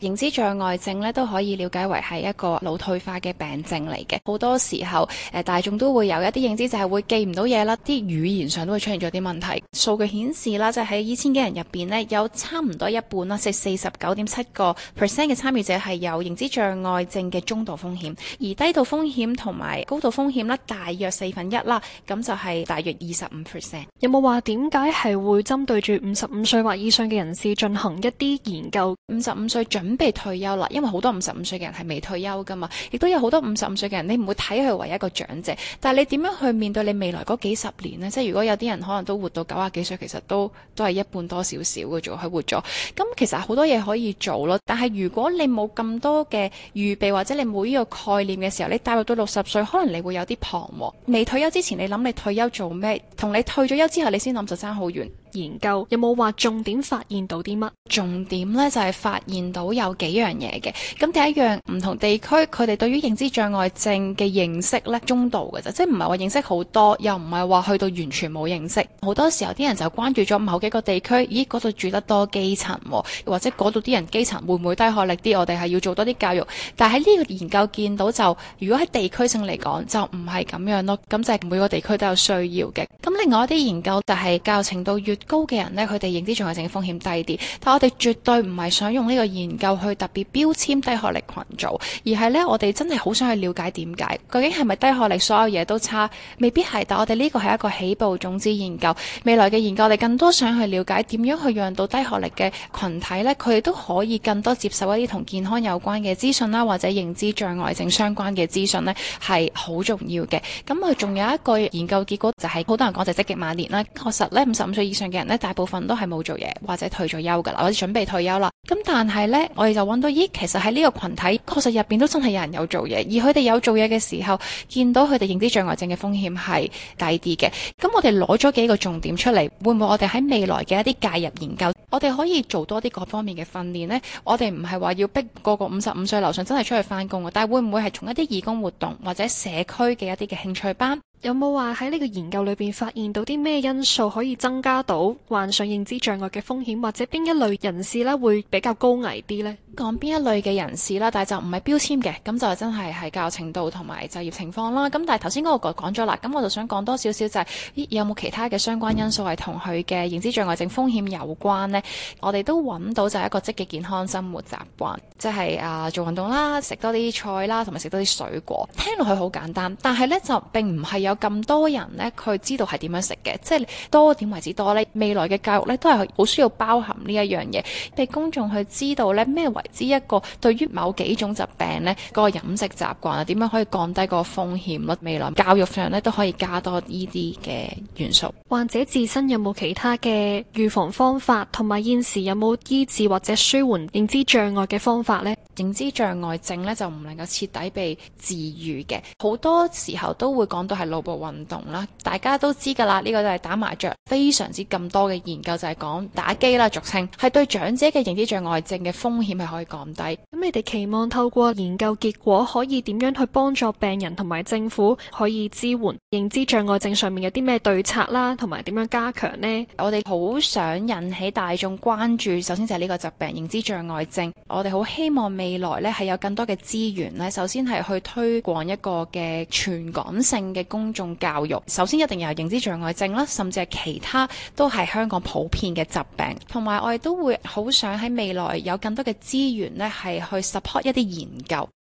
認知障礙症咧，都可以了解為係一個腦退化嘅病症嚟嘅。好多時候誒、呃、大眾都會有一啲認知就係會記唔到嘢啦，啲語言上都會出現咗啲問題。數據顯示啦，就喺二千幾人入邊呢，有差唔多一半啦，即係四十九點七個 percent 嘅參與者係有認知障礙症嘅中度風險，而低度風險同埋高度風險啦，大約四分一啦，咁就係大約二十五 percent。有冇話點解係會針對住五十五歲或以上嘅人士進行一啲研究？五十五歲准。嗯、準備退休啦，因為好多五十五歲嘅人係未退休噶嘛，亦都有好多五十五歲嘅人，你唔會睇佢為一個長者，但係你點樣去面對你未來嗰幾十年呢？即係如果有啲人可能都活到九啊幾歲，其實都都係一半多少少嘅啫，佢活咗。咁其實好多嘢可以做咯，但係如果你冇咁多嘅預備或者你冇呢個概念嘅時候，你大約到六十歲，可能你會有啲彷徨。未退休之前，你諗你退休做咩，同你退咗休之後，你先諗就差好遠。研究有冇話重點發現到啲乜？重點呢就係、是、發現到有幾樣嘢嘅。咁第一樣，唔同地區佢哋對於認知障礙症嘅認識呢，中度嘅啫，即係唔係話認識好多，又唔係話去到完全冇認識。好多時候啲人就關注咗某幾個地區，咦嗰度住得多基層，或者嗰度啲人基層會唔會低學歷啲？我哋係要做多啲教育。但係呢個研究見到就，如果喺地區性嚟講就唔係咁樣咯。咁就係每個地區都有需要嘅。咁另外一啲研究就係、是、教育程度越高嘅人咧，佢哋認知障礙症嘅風險低啲，但我哋絕對唔係想用呢個研究去特別標籤低學歷群組，而係咧，我哋真係好想去了解點解，究竟係咪低學歷所有嘢都差？未必係，但我哋呢個係一個起步種子研究，未來嘅研究我哋更多想去了解點樣去讓到低學歷嘅群體咧，佢哋都可以更多接受一啲同健康有關嘅資訊啦，或者認知障礙症相關嘅資訊咧係好重要嘅。咁啊，仲有一個研究結果就係、是、好多人講就積極晚年啦，確實咧，五十五歲以上。嘅人咧，大部分都係冇做嘢或者退咗休噶啦，或者準備退休啦。咁但係呢，我哋就揾到，咦，其實喺呢個群體，確實入邊都真係有人有做嘢，而佢哋有做嘢嘅時候，見到佢哋認知障礙症嘅風險係低啲嘅。咁我哋攞咗幾個重點出嚟，會唔會我哋喺未來嘅一啲介入研究，我哋可以做多啲各方面嘅訓練呢？我哋唔係話要逼個個五十五歲樓上真係出去翻工啊，但係會唔會係從一啲義工活動或者社區嘅一啲嘅興趣班？有冇話喺呢個研究裏邊發現到啲咩因素可以增加到患上認知障礙嘅風險，或者邊一類人士咧會比較高危啲呢？講邊一類嘅人士啦，但係就唔係標籤嘅，咁就真係係教育程度同埋就業情況啦。咁但係頭先嗰個講講咗啦，咁我就想講多少少就係咦，有冇其他嘅相關因素係同佢嘅認知障礙症風險有關呢？我哋都揾到就係一個積極健康生活習慣，即係啊做運動啦，食多啲菜啦，同埋食多啲水果。聽落去好簡單，但係呢就並唔係。有咁多人呢，佢知道係點樣食嘅，即係多點為之多呢，未來嘅教育呢都係好需要包含呢一樣嘢，俾公眾去知道呢咩為之一個對於某幾種疾病呢個飲食習慣啊，點樣可以降低個風險率。未來教育上呢都可以加多呢啲嘅元素。患者自身有冇其他嘅預防方法，同埋現時有冇醫治或者舒緩認知障礙嘅方法呢？認知障礙症咧就唔能夠徹底被治愈嘅，好多時候都會講到係腦部運動啦，大家都知噶啦，呢個就係打麻雀。非常之咁多嘅研究就係講打機啦，俗稱係對長者嘅認知障礙症嘅風險係可以降低。咁你哋期望透過研究結果可以點樣去幫助病人同埋政府可以支援認知障礙症上面有啲咩對策啦，同埋點樣加強呢？我哋好想引起大眾關注，首先就係呢個疾病認知障礙症，我哋好希望未。未來咧係有更多嘅資源咧，首先係去推廣一個嘅全港性嘅公眾教育。首先一定要係認知障礙症啦，甚至係其他都係香港普遍嘅疾病。同埋我哋都會好想喺未來有更多嘅資源咧，係去 support 一啲研究。